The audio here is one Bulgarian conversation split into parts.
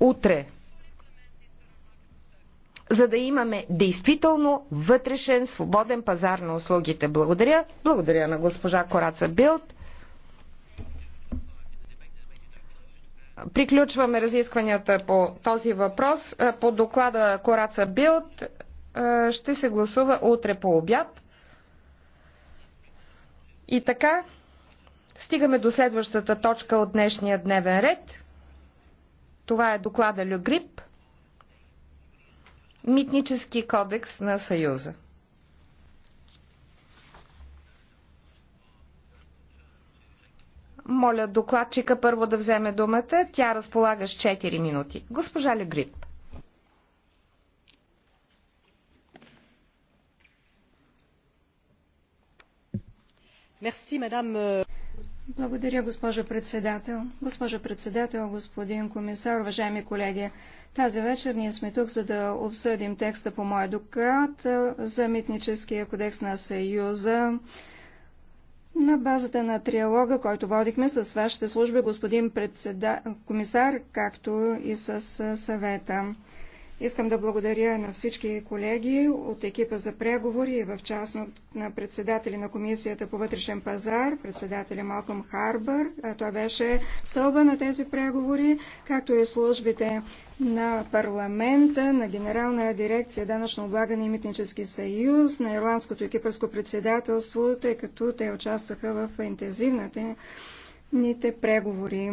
утре, за да имаме действително вътрешен свободен пазар на услугите. Благодаря. Благодаря на госпожа Кораца Билд. Приключваме разискванията по този въпрос. Е, по доклада Кораца Билд е, ще се гласува утре по обяд. И така, стигаме до следващата точка от днешния дневен ред – това е доклада Люгрип, Митнически кодекс на Съюза. Моля докладчика първо да вземе думата. Тя разполага с 4 минути. Госпожа Легрип. Мерси, мадам. Благодаря, госпожо председател. Госпожо председател, господин комисар, уважаеми колеги, тази вечер ние сме тук, за да обсъдим текста по моя доклад за Митническия кодекс на Съюза. На базата на триалога, който водихме с вашите служби, господин председа... комисар, както и с съвета. Искам да благодаря на всички колеги от екипа за преговори, в частност на председатели на Комисията по вътрешен пазар, председателя Малком Харбър. Той беше стълба на тези преговори, както и службите на парламента, на Генерална дирекция Данъчно облагане и Митнически съюз, на Ирландското и Кипърско председателство, тъй като те участваха в интензивната ните преговори.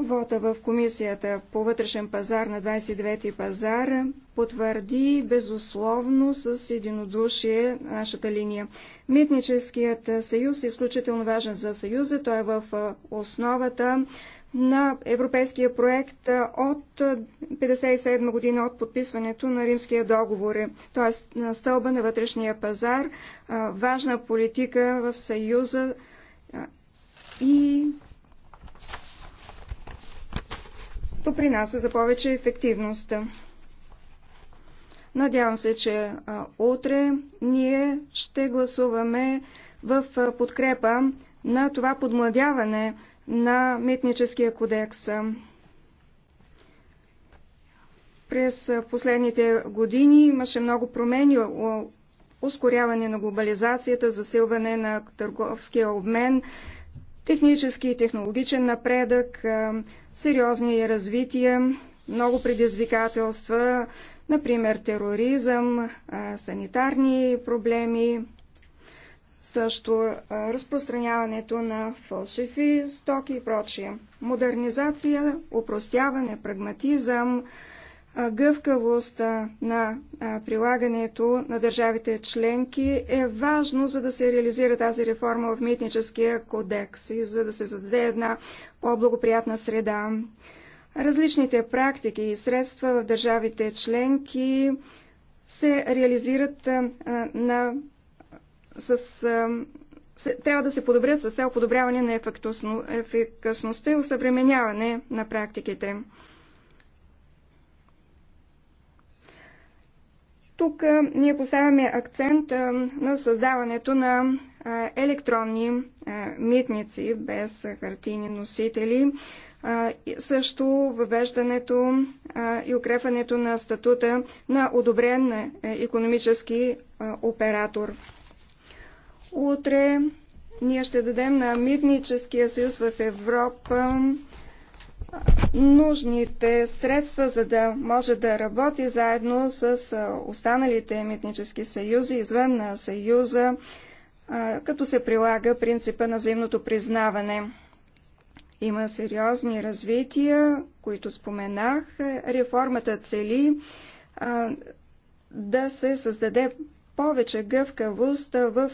Вота в Комисията по вътрешен пазар на 29-ти пазар потвърди безусловно с единодушие нашата линия. Митническият съюз е изключително важен за съюза. Той е в основата на европейския проект от 1957 година от подписването на Римския договор, т.е. на стълба на вътрешния пазар, важна политика в Съюза и допринася за повече ефективност. Надявам се, че утре ние ще гласуваме в подкрепа на това подмладяване на митническия кодекс. През последните години имаше много промени, ускоряване на глобализацията, засилване на търговския обмен, Технически и технологичен напредък, сериозни развития, много предизвикателства, например тероризъм, санитарни проблеми, също разпространяването на фалшиви стоки и прочие. Модернизация, упростяване, прагматизъм, гъвкавост на прилагането на държавите членки е важно, за да се реализира тази реформа в митническия кодекс и за да се зададе една по-благоприятна среда. Различните практики и средства в държавите членки се реализират на, с, се, трябва да се подобрят с цел подобряване на ефикасността и усъвременяване на практиките. Тук ние поставяме акцент на създаването на електронни митници без хартийни носители, също въвеждането и укрепването на статута на одобрен економически оператор. Утре ние ще дадем на Митническия съюз в Европа нужните средства, за да може да работи заедно с останалите митнически съюзи извън на съюза, като се прилага принципа на взаимното признаване. Има сериозни развития, които споменах. Реформата цели да се създаде повече гъвкавост в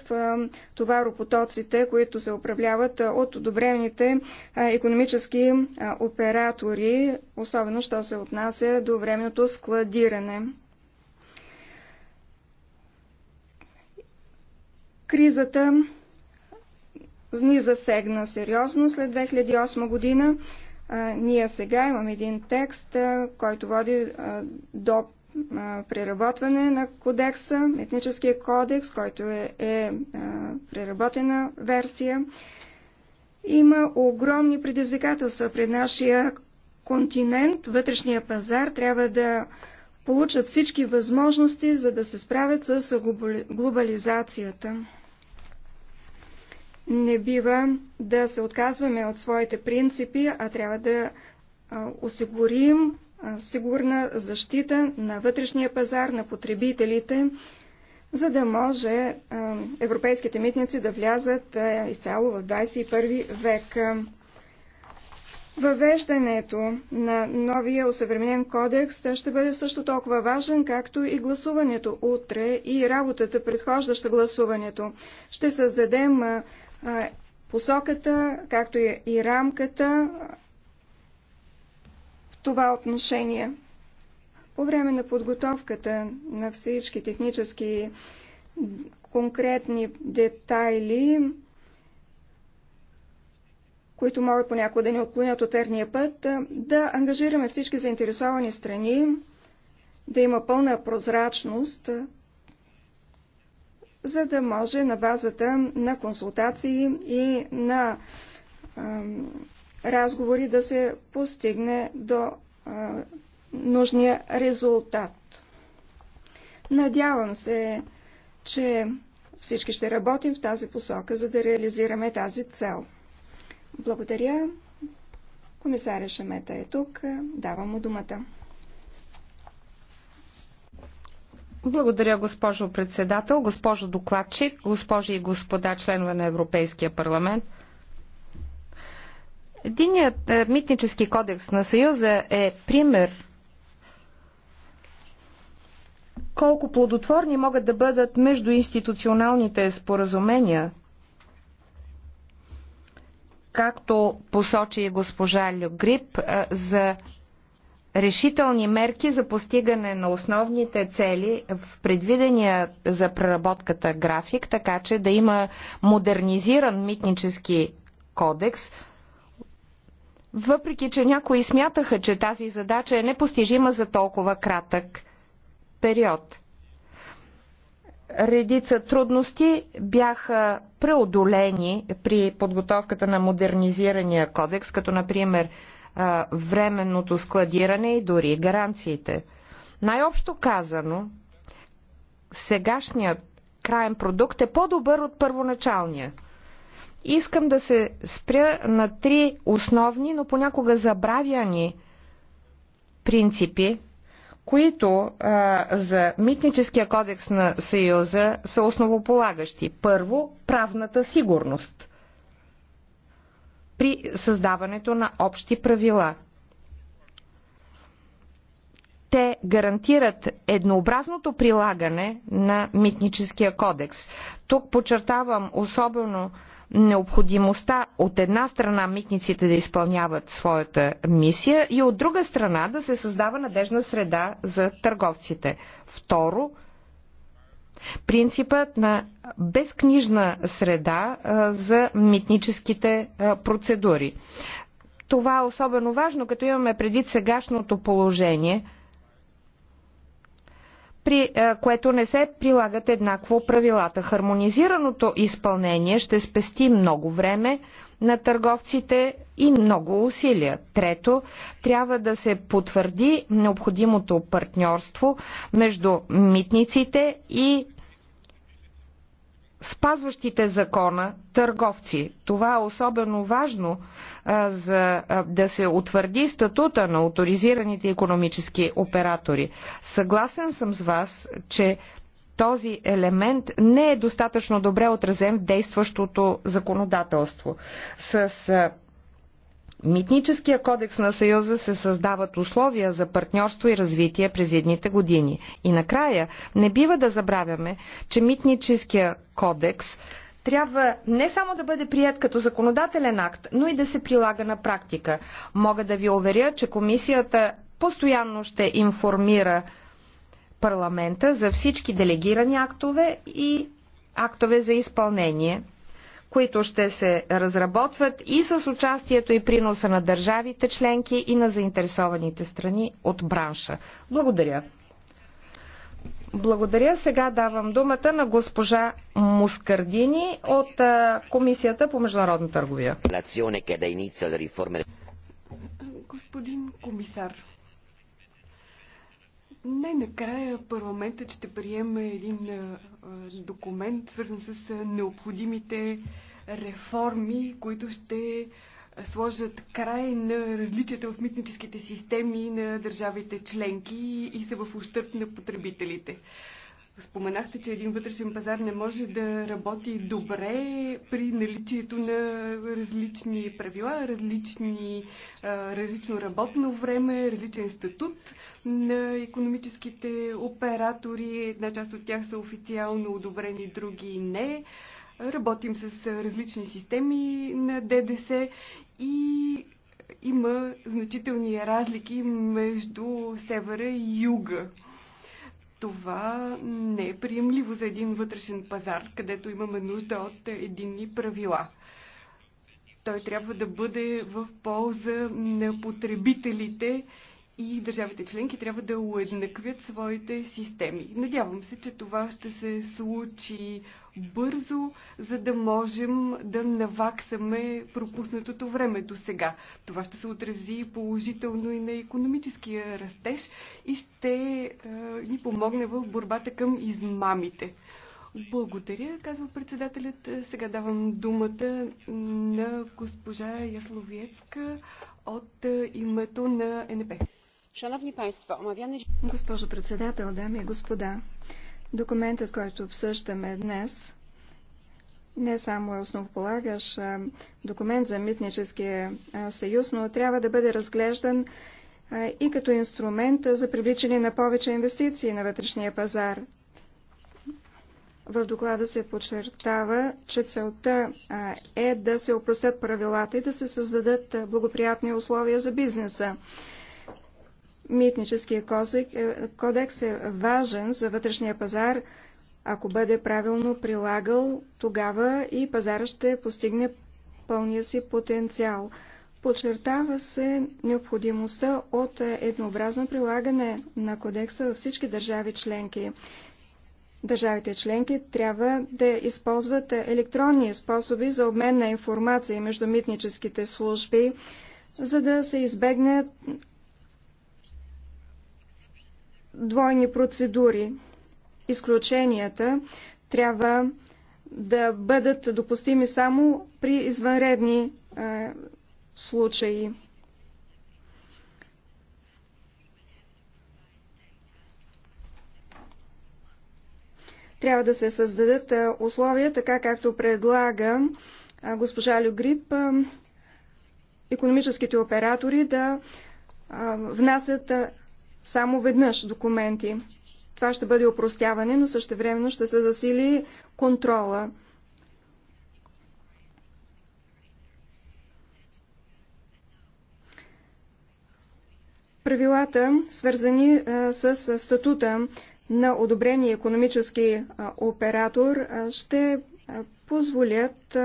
товаропотоците, които се управляват от одобрените економически оператори, особено що се отнася до временното складиране. Кризата ни засегна сериозно след 2008 година. Ние сега имаме един текст, който води до преработване на кодекса, етническия кодекс, който е, е преработена версия. Има огромни предизвикателства пред нашия континент. Вътрешния пазар трябва да получат всички възможности, за да се справят с глобализацията. Не бива да се отказваме от своите принципи, а трябва да осигурим сигурна защита на вътрешния пазар, на потребителите, за да може европейските митници да влязат изцяло в 21 век. Въвеждането на новия осъвременен кодекс ще бъде също толкова важен, както и гласуването утре и работата, предхождаща гласуването. Ще създадем посоката, както и рамката това отношение. По време на подготовката на всички технически конкретни детайли, които могат понякога да ни отклонят от верния път, да ангажираме всички заинтересовани страни, да има пълна прозрачност, за да може на базата на консултации и на разговори да се постигне до а, нужния резултат. Надявам се, че всички ще работим в тази посока, за да реализираме тази цел. Благодаря. Комисаря Шамета е тук. Давам му думата. Благодаря, госпожо председател, госпожо докладчик, госпожи и господа членове на Европейския парламент. Единият е, митнически кодекс на Съюза е пример колко плодотворни могат да бъдат междуинституционалните споразумения, както посочи госпожа Люгрип, е, за решителни мерки за постигане на основните цели в предвидения за преработката график, така че да има модернизиран митнически кодекс – въпреки че някои смятаха, че тази задача е непостижима за толкова кратък период. Редица трудности бяха преодолени при подготовката на модернизирания кодекс, като например временното складиране и дори гаранциите. Най-общо казано, сегашният краен продукт е по-добър от първоначалния. Искам да се спря на три основни, но понякога забравяни принципи, които а, за митническия кодекс на Съюза са основополагащи. Първо, правната сигурност при създаването на общи правила. Те гарантират еднообразното прилагане на митническия кодекс. Тук подчертавам особено необходимостта от една страна митниците да изпълняват своята мисия и от друга страна да се създава надежна среда за търговците. Второ, принципът на безкнижна среда за митническите процедури. Това е особено важно, като имаме предвид сегашното положение – при е, което не се прилагат еднакво правилата. Хармонизираното изпълнение ще спести много време на търговците и много усилия. Трето, трябва да се потвърди необходимото партньорство между митниците и спазващите закона търговци. Това е особено важно а, за а, да се утвърди статута на авторизираните економически оператори. Съгласен съм с вас, че този елемент не е достатъчно добре отразен в действащото законодателство. С а, Митническия кодекс на Съюза се създават условия за партньорство и развитие през едните години. И накрая не бива да забравяме, че Митническия кодекс трябва не само да бъде прият като законодателен акт, но и да се прилага на практика. Мога да ви уверя, че комисията постоянно ще информира парламента за всички делегирани актове и актове за изпълнение които ще се разработват и с участието и приноса на държавите членки и на заинтересованите страни от бранша. Благодаря. Благодаря. Сега давам думата на госпожа Мускардини от Комисията по международна търговия. Господин комисар, най-накрая парламентът ще приеме един документ, свързан с необходимите реформи, които ще сложат край на различията в митническите системи на държавите членки и са в ущърп на потребителите. Споменахте, че един вътрешен пазар не може да работи добре при наличието на различни правила, различни, различно работно време, различен статут на економическите оператори. Една част от тях са официално одобрени, други не. Работим с различни системи на ДДС и има значителни разлики между севера и юга това не е приемливо за един вътрешен пазар, където имаме нужда от единни правила. Той трябва да бъде в полза на потребителите и държавите членки трябва да уеднаквят своите системи. Надявам се, че това ще се случи бързо, за да можем да наваксаме пропуснатото време до сега. Това ще се отрази положително и на економическия растеж и ще е, ни помогне в борбата към измамите. Благодаря, казва председателят. Сега давам думата на госпожа Ясловецка от името на НП. Госпожо председател, дами и господа, документът, който обсъждаме днес, не само е основополагаш документ за митническия съюз, но трябва да бъде разглеждан и като инструмент за привличане на повече инвестиции на вътрешния пазар. В доклада се подчертава, че целта е да се опростят правилата и да се създадат благоприятни условия за бизнеса. Митническия е- кодекс е важен за вътрешния пазар. Ако бъде правилно прилагал, тогава и пазара ще постигне пълния си потенциал. Подчертава се необходимостта от еднообразно прилагане на кодекса във всички държави членки. Държавите членки трябва да използват електронни способи за обмен на информация между митническите служби, за да се избегне двойни процедури. Изключенията трябва да бъдат допустими само при извънредни е, случаи. Трябва да се създадат е, условия, така както предлага е, госпожа Люгрип, економическите оператори да е, внасят само веднъж документи. Това ще бъде опростяване, но същевременно ще се засили контрола. Правилата, свързани с статута на одобрение економически оператор, ще позволят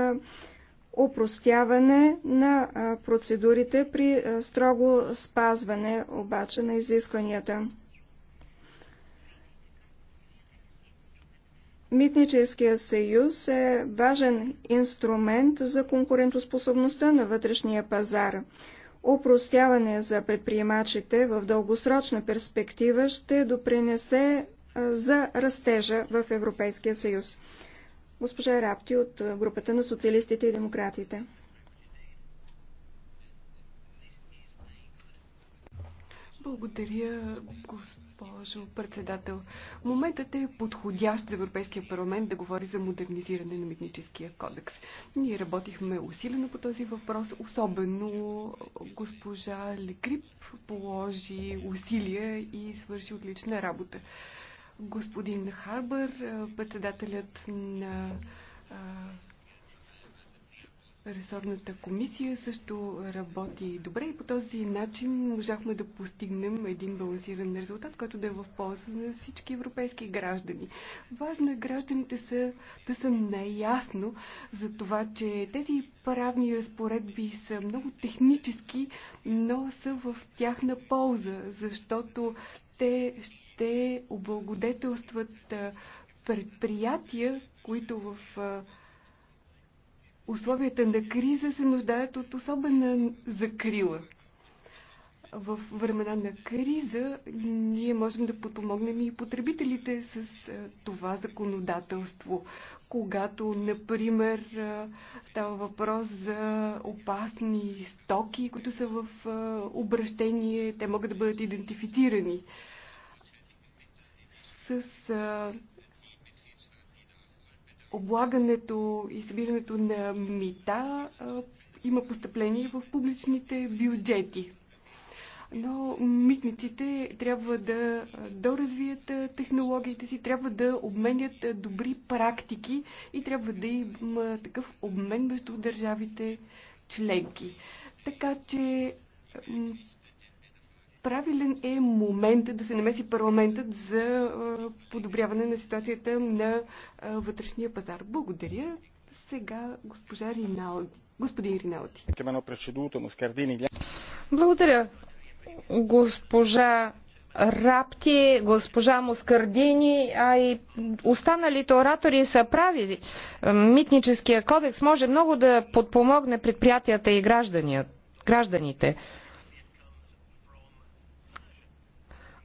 упростяване на процедурите при строго спазване обаче на изискванията. Митническия съюз е важен инструмент за конкурентоспособността на вътрешния пазар. Опростяване за предприемачите в дългосрочна перспектива ще допринесе за растежа в Европейския съюз госпожа Рапти от е, групата на социалистите и демократите. Благодаря, госпожо председател. Моментът е подходящ за Европейския парламент да говори за модернизиране на митническия кодекс. Ние работихме усилено по този въпрос, особено госпожа Лекрип положи усилия и свърши отлична работа господин Харбър, председателят на ресорната комисия също работи добре и по този начин можахме да постигнем един балансиран резултат, който да е в полза на всички европейски граждани. Важно е гражданите са, да са наясно за това, че тези правни разпоредби са много технически, но са в тяхна полза, защото те ще ще облагодетелстват предприятия, които в условията на криза се нуждаят от особена закрила. В времена на криза ние можем да подпомогнем и потребителите с това законодателство. Когато, например, става въпрос за опасни стоки, които са в обращение, те могат да бъдат идентифицирани с облагането и събирането на мита има постъпление в публичните бюджети. Но митниците трябва да доразвият технологиите си, трябва да обменят добри практики и трябва да има такъв обмен между държавите членки. Така че правилен е моментът да се намеси парламентът за подобряване на ситуацията на вътрешния пазар. Благодаря. Сега госпожа Риналди. Господин Риналди. Благодаря. Госпожа Рапти, госпожа Москардини, а и останалите оратори са прави. Митническия кодекс може много да подпомогне предприятията и гражданите.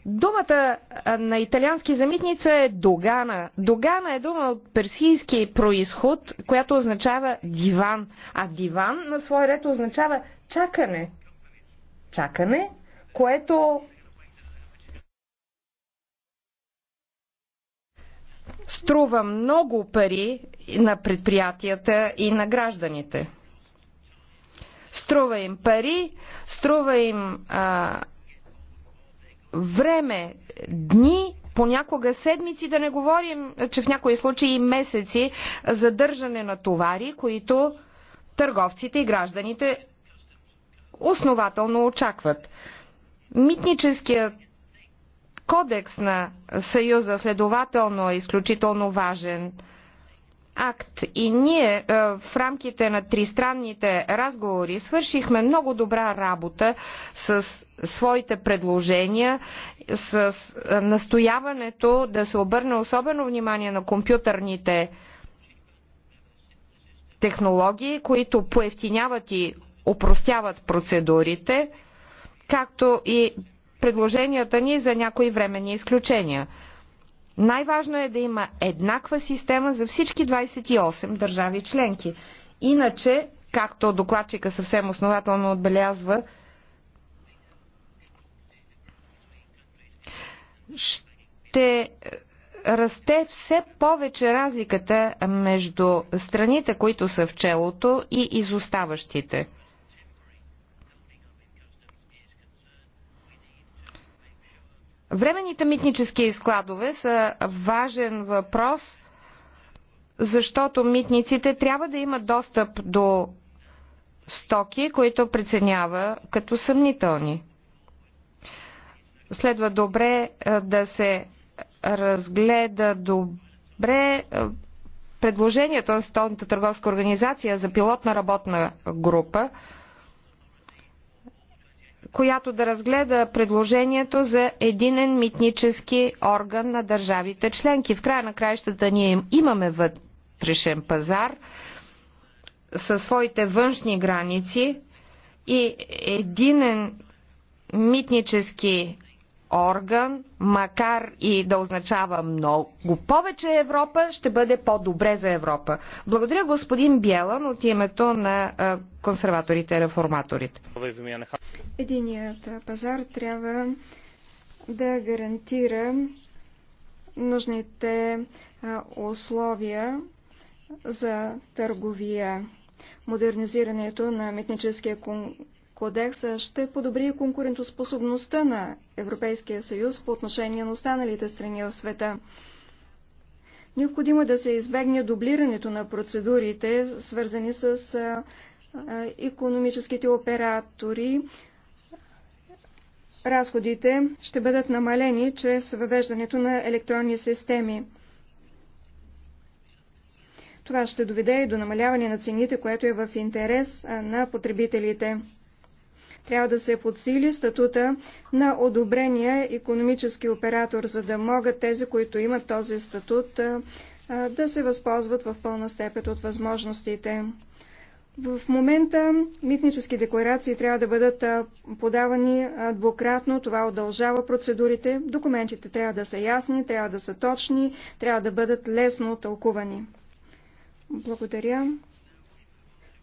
Думата на италиански замитница е догана. Догана е дума от персийски происход, която означава диван. А диван на свой ред означава чакане. Чакане, което струва много пари на предприятията и на гражданите. Струва им пари, струва им а, време, дни, понякога седмици, да не говорим, че в някои случаи месеци задържане на товари, които търговците и гражданите основателно очакват. Митническият кодекс на Съюза следователно е изключително важен акт и ние е, в рамките на тристранните разговори свършихме много добра работа с своите предложения, с е, настояването да се обърне особено внимание на компютърните технологии, които поевтиняват и упростяват процедурите, както и предложенията ни за някои временни изключения. Най-важно е да има еднаква система за всички 28 държави членки. Иначе, както докладчика съвсем основателно отбелязва, ще расте все повече разликата между страните, които са в челото и изоставащите. Временните митнически складове са важен въпрос, защото митниците трябва да имат достъп до стоки, които преценява като съмнителни. Следва добре е, да се разгледа добре е, предложението на Столната търговска организация за пилотна работна група – която да разгледа предложението за единен митнически орган на държавите членки. В края на краищата ние имаме вътрешен пазар със своите външни граници и единен митнически орган, макар и да означава много повече Европа, ще бъде по-добре за Европа. Благодаря господин Бялан от името на консерваторите и реформаторите. Единият пазар трябва да гарантира нужните условия за търговия. Модернизирането на митническия Кодекса ще подобри конкурентоспособността на Европейския съюз по отношение на останалите страни в света. Необходимо е да се избегне дублирането на процедурите, свързани с економическите оператори. Разходите ще бъдат намалени чрез въвеждането на електронни системи. Това ще доведе и до намаляване на цените, което е в интерес на потребителите. Трябва да се подсили статута на одобрения економически оператор, за да могат тези, които имат този статут, да се възползват в пълна степен от възможностите. В момента митнически декларации трябва да бъдат подавани двукратно. Това удължава процедурите. Документите трябва да са ясни, трябва да са точни, трябва да бъдат лесно тълкувани. Благодаря.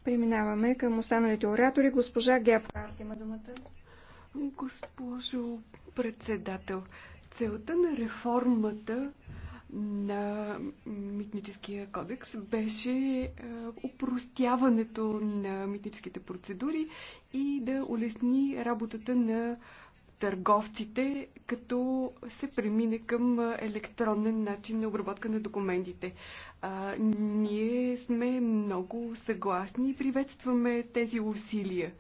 Преминаваме към останалите оратори. Госпожа Гепхарт има думата. Госпожо председател, целта на реформата на митническия кодекс беше е, упростяването на митническите процедури и да улесни работата на търговците, като се премине към електронен начин на обработка на документите. А, ние много съгласни и приветстваме тези усилия.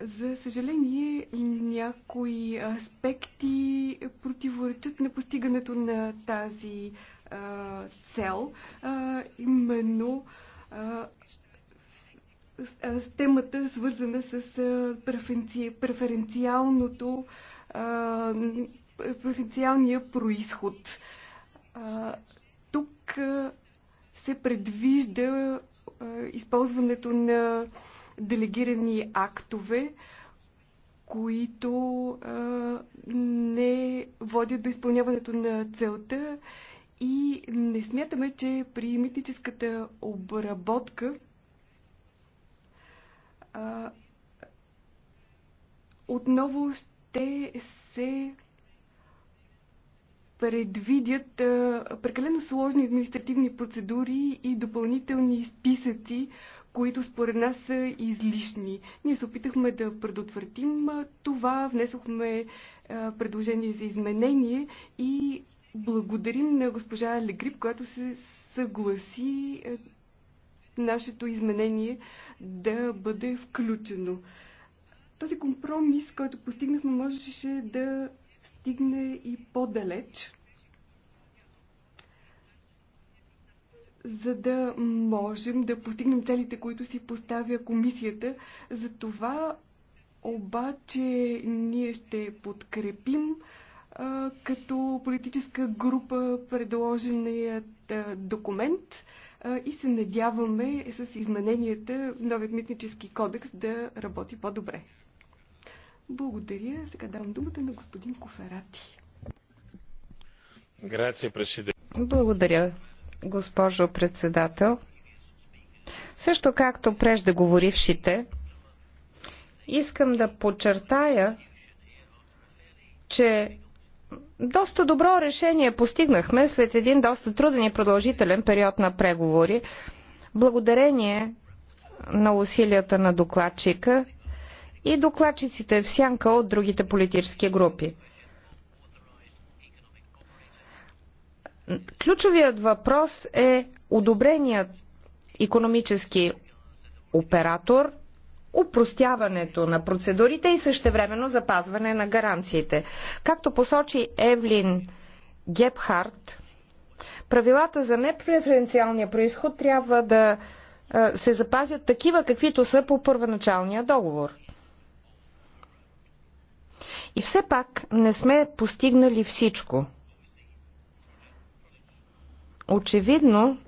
За съжаление, някои аспекти противоречат на постигането на тази а, цел, а, именно а, с, с темата, свързана с а, преференци, преференциалното а, преференциалния происход. А, тук а, се предвижда използването на делегирани актове, които не водят до изпълняването на целта и не смятаме, че при митническата обработка отново ще се предвидят прекалено сложни административни процедури и допълнителни списъци, които според нас са излишни. Ние се опитахме да предотвратим това, внесохме предложение за изменение и благодарим на госпожа Легрип, която се съгласи нашето изменение да бъде включено. Този компромис, който постигнахме, можеше да стигне и по-далеч, за да можем да постигнем целите, които си поставя комисията. За това обаче ние ще подкрепим а, като политическа група предложеният а, документ а, и се надяваме с измененията новият митнически кодекс да работи по-добре. Благодаря. Сега давам думата на господин Коферати. Благодаря, госпожо председател. Също както преждеговорившите, искам да подчертая, че доста добро решение постигнахме след един доста труден и продължителен период на преговори, благодарение на усилията на докладчика и докладчиците в сянка от другите политически групи. Ключовият въпрос е одобреният економически оператор, упростяването на процедурите и същевременно запазване на гаранциите. Както посочи Евлин Гепхарт, правилата за непреференциалния происход трябва да се запазят такива, каквито са по първоначалния договор – и все пак не сме постигнали всичко. Очевидно,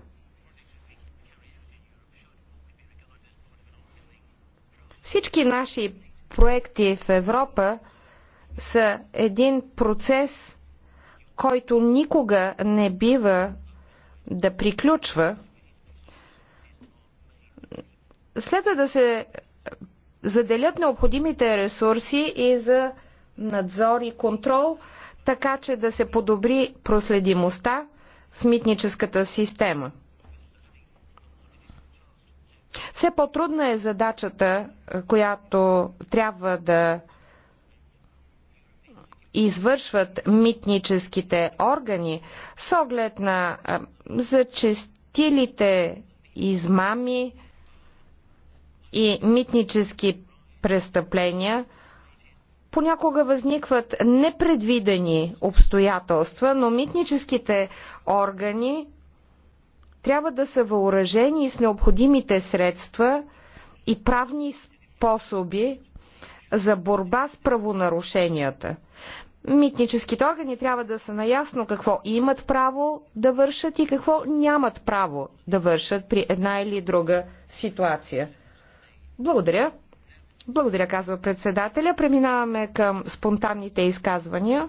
всички наши проекти в Европа са един процес, който никога не бива да приключва. Следва да се заделят необходимите ресурси и за надзор и контрол, така че да се подобри проследимостта в митническата система. Все по-трудна е задачата, която трябва да извършват митническите органи с оглед на зачестилите измами и митнически престъпления – понякога възникват непредвидени обстоятелства, но митническите органи трябва да са въоръжени с необходимите средства и правни способи за борба с правонарушенията. Митническите органи трябва да са наясно какво имат право да вършат и какво нямат право да вършат при една или друга ситуация. Благодаря. Благодаря, казва председателя. Преминаваме към спонтанните изказвания.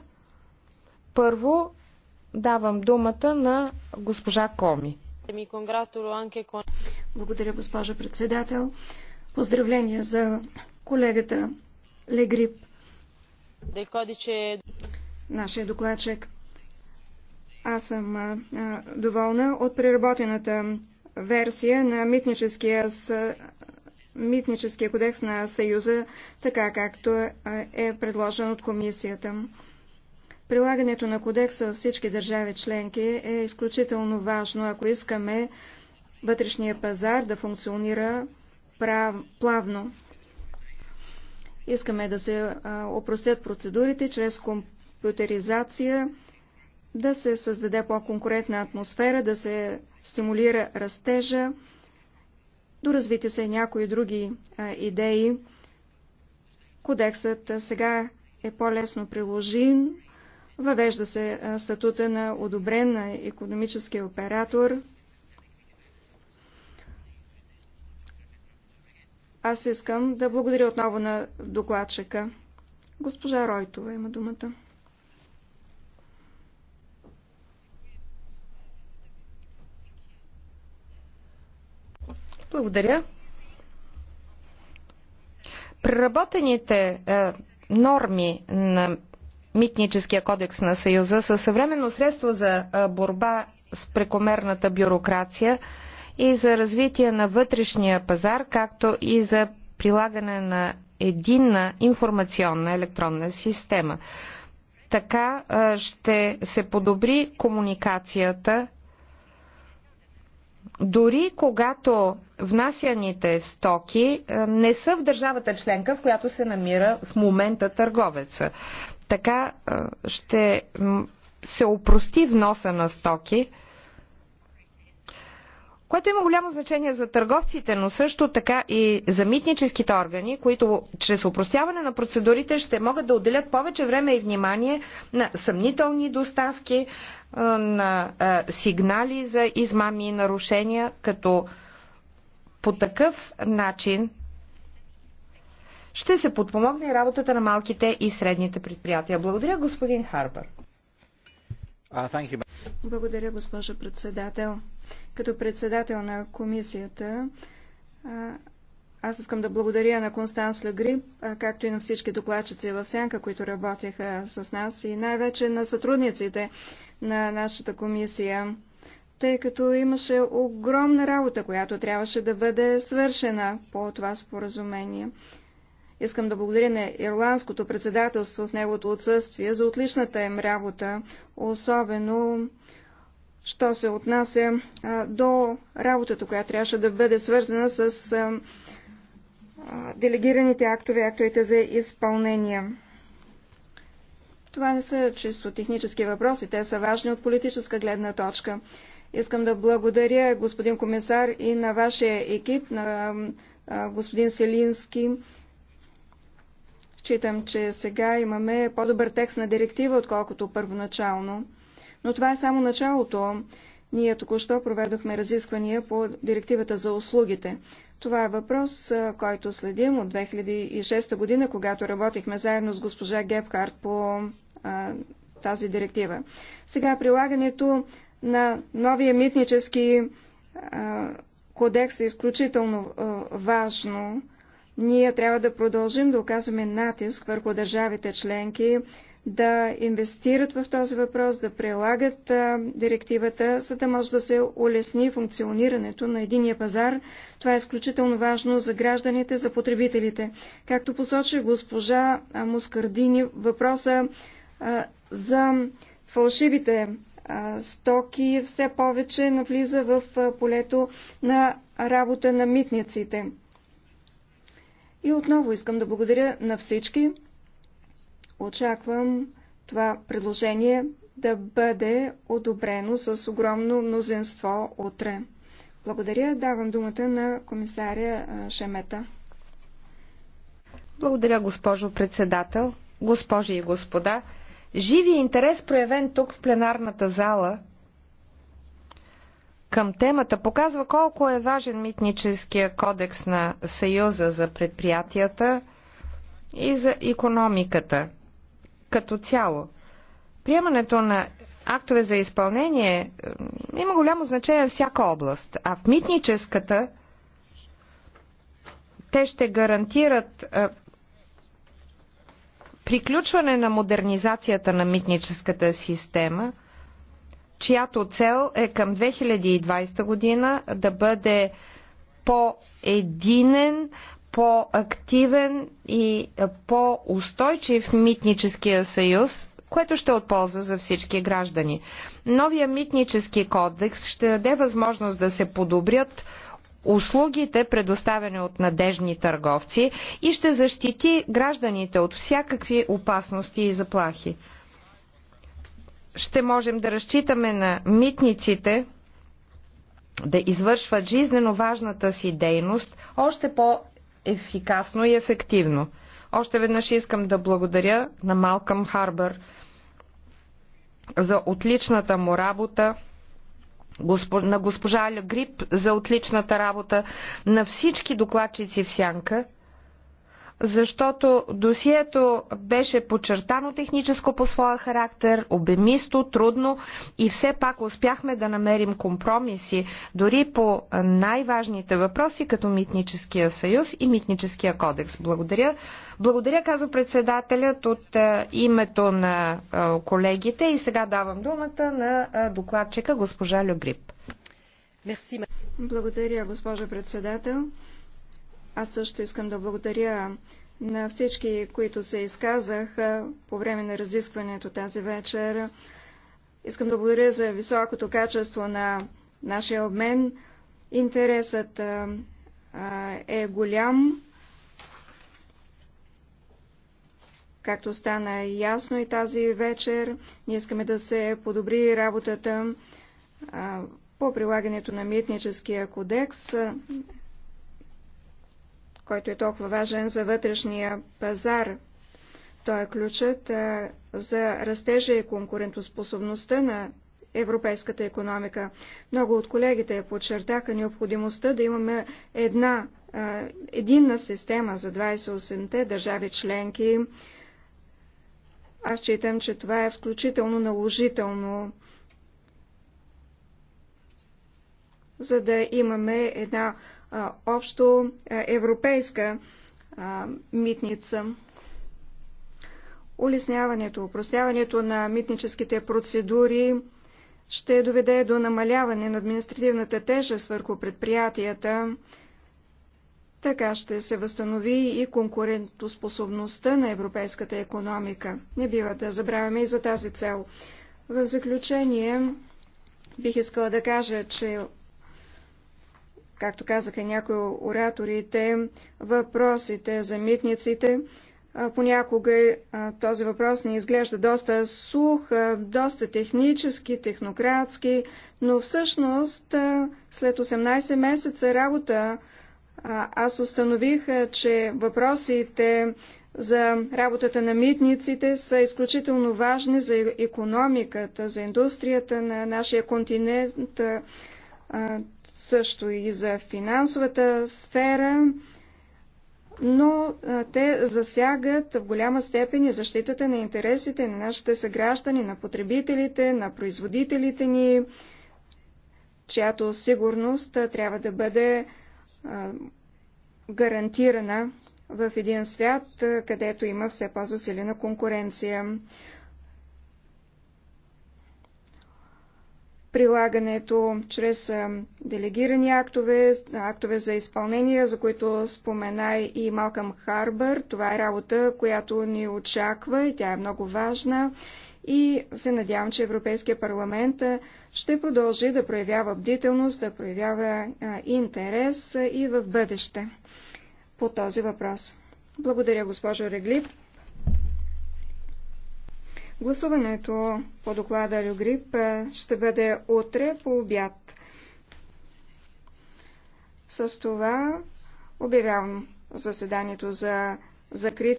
Първо давам думата на госпожа Коми. Благодаря, госпожа председател. Поздравления за колегата Легрип. Нашия докладчик. Аз съм а, доволна от преработената версия на митническия митническия кодекс на Съюза, така както е, е предложен от комисията. Прилагането на кодекса във всички държави членки е изключително важно, ако искаме вътрешния пазар да функционира прав... плавно. Искаме да се опростят процедурите чрез компютеризация, да се създаде по-конкурентна атмосфера, да се стимулира растежа, Доразвити се някои други а, идеи. Кодексът а, сега е по-лесно приложим. Въвежда се а, статута на одобрен на економически оператор. Аз искам да благодаря отново на докладчика. Госпожа Ройтова има думата. Благодаря. Преработените е, норми на Митническия кодекс на Съюза са съвременно средство за е, борба с прекомерната бюрокрация и за развитие на вътрешния пазар, както и за прилагане на единна информационна електронна система. Така е, ще се подобри комуникацията дори когато внасяните стоки е, не са в държавата членка, в която се намира в момента търговеца. Така е, ще се опрости вноса на стоки, което има голямо значение за търговците, но също така и за митническите органи, които чрез упростяване на процедурите ще могат да отделят повече време и внимание на съмнителни доставки, на сигнали за измами и нарушения, като по такъв начин ще се подпомогне работата на малките и средните предприятия. Благодаря, господин Харбър. Uh, благодаря, госпожо председател. Като председател на комисията, аз искам да благодаря на Констанс Легри, както и на всички докладчици в Сянка, които работеха с нас и най-вече на сътрудниците на нашата комисия, тъй като имаше огромна работа, която трябваше да бъде свършена по това споразумение. Искам да благодаря на Ирландското председателство в неговото отсъствие за отличната им работа, особено що се отнася а, до работата, която трябваше да бъде свързана с а, а, делегираните актове, актовете за изпълнение. Това не са чисто технически въпроси, те са важни от политическа гледна точка. Искам да благодаря господин комисар и на вашия екип, на господин Селински, Считам, че сега имаме по-добър текст на директива, отколкото първоначално. Но това е само началото. Ние току-що проведохме разисквания по директивата за услугите. Това е въпрос, който следим от 2006 година, когато работихме заедно с госпожа Гепхарт по а, тази директива. Сега прилагането на новия митнически а, кодекс е изключително а, важно. Ние трябва да продължим да оказваме натиск върху държавите членки, да инвестират в този въпрос, да прилагат а, директивата, за да може да се улесни функционирането на единия пазар. Това е изключително важно за гражданите, за потребителите. Както посочи госпожа Мускардини, въпроса а, за фалшивите а, стоки все повече навлиза в полето на работа на митниците. И отново искам да благодаря на всички. Очаквам това предложение да бъде одобрено с огромно мнозинство утре. Благодаря. Давам думата на комисаря Шемета. Благодаря, госпожо председател, госпожи и господа. Живия интерес, проявен тук в пленарната зала, към темата показва колко е важен митническия кодекс на Съюза за предприятията и за економиката като цяло. Приемането на актове за изпълнение има голямо значение в всяка област, а в митническата те ще гарантират приключване на модернизацията на митническата система – чиято цел е към 2020 година да бъде по-единен, по-активен и по-устойчив митническия съюз, което ще е от полза за всички граждани. Новия митнически кодекс ще даде възможност да се подобрят услугите, предоставени от надежни търговци и ще защити гражданите от всякакви опасности и заплахи ще можем да разчитаме на митниците да извършват жизнено важната си дейност още по-ефикасно и ефективно. Още веднъж искам да благодаря на Малкъм Харбър за отличната му работа, на госпожа Алегрип за отличната работа, на всички докладчици в Сянка – защото досието беше подчертано техническо по своя характер, обемисто, трудно и все пак успяхме да намерим компромиси дори по най-важните въпроси, като Митническия съюз и Митническия кодекс. Благодаря. Благодаря, каза председателят от е, името на е, колегите и сега давам думата на е, докладчика госпожа Любрип. Благодаря, госпожа председател. Аз също искам да благодаря на всички, които се изказаха по време на разискването тази вечер. Искам да благодаря за високото качество на нашия обмен. Интересът е голям, както стана ясно и тази вечер. Ние искаме да се подобри работата по прилагането на митническия кодекс който е толкова важен за вътрешния пазар. Той е ключът за растежа и конкурентоспособността на европейската економика. Много от колегите подчертаха необходимостта да имаме една единна система за 28-те държави членки. Аз считам, че това е включително наложително, за да имаме една общо европейска митница. Улесняването, упростяването на митническите процедури ще доведе до намаляване на административната тежест върху предприятията. Така ще се възстанови и конкурентоспособността на европейската економика. Не бива да забравяме и за тази цел. В заключение бих искала да кажа, че както казаха някои ораторите, въпросите за митниците. Понякога този въпрос ни изглежда доста сух, доста технически, технократски, но всъщност след 18 месеца работа аз установих, че въпросите за работата на митниците са изключително важни за економиката, за индустрията на нашия континент също и за финансовата сфера, но те засягат в голяма степен и защитата на интересите на нашите съграждани, на потребителите, на производителите ни, чиято сигурност трябва да бъде гарантирана в един свят, където има все по-засилена конкуренция. прилагането чрез делегирани актове, актове за изпълнение, за които спомена и Малкам Харбър. Това е работа, която ни очаква и тя е много важна. И се надявам, че Европейския парламент ще продължи да проявява бдителност, да проявява интерес и в бъдеще по този въпрос. Благодаря, госпожо Реглип. Гласуването по доклада Люгрип е, ще бъде утре по обяд. С това обявявам заседанието за закрит.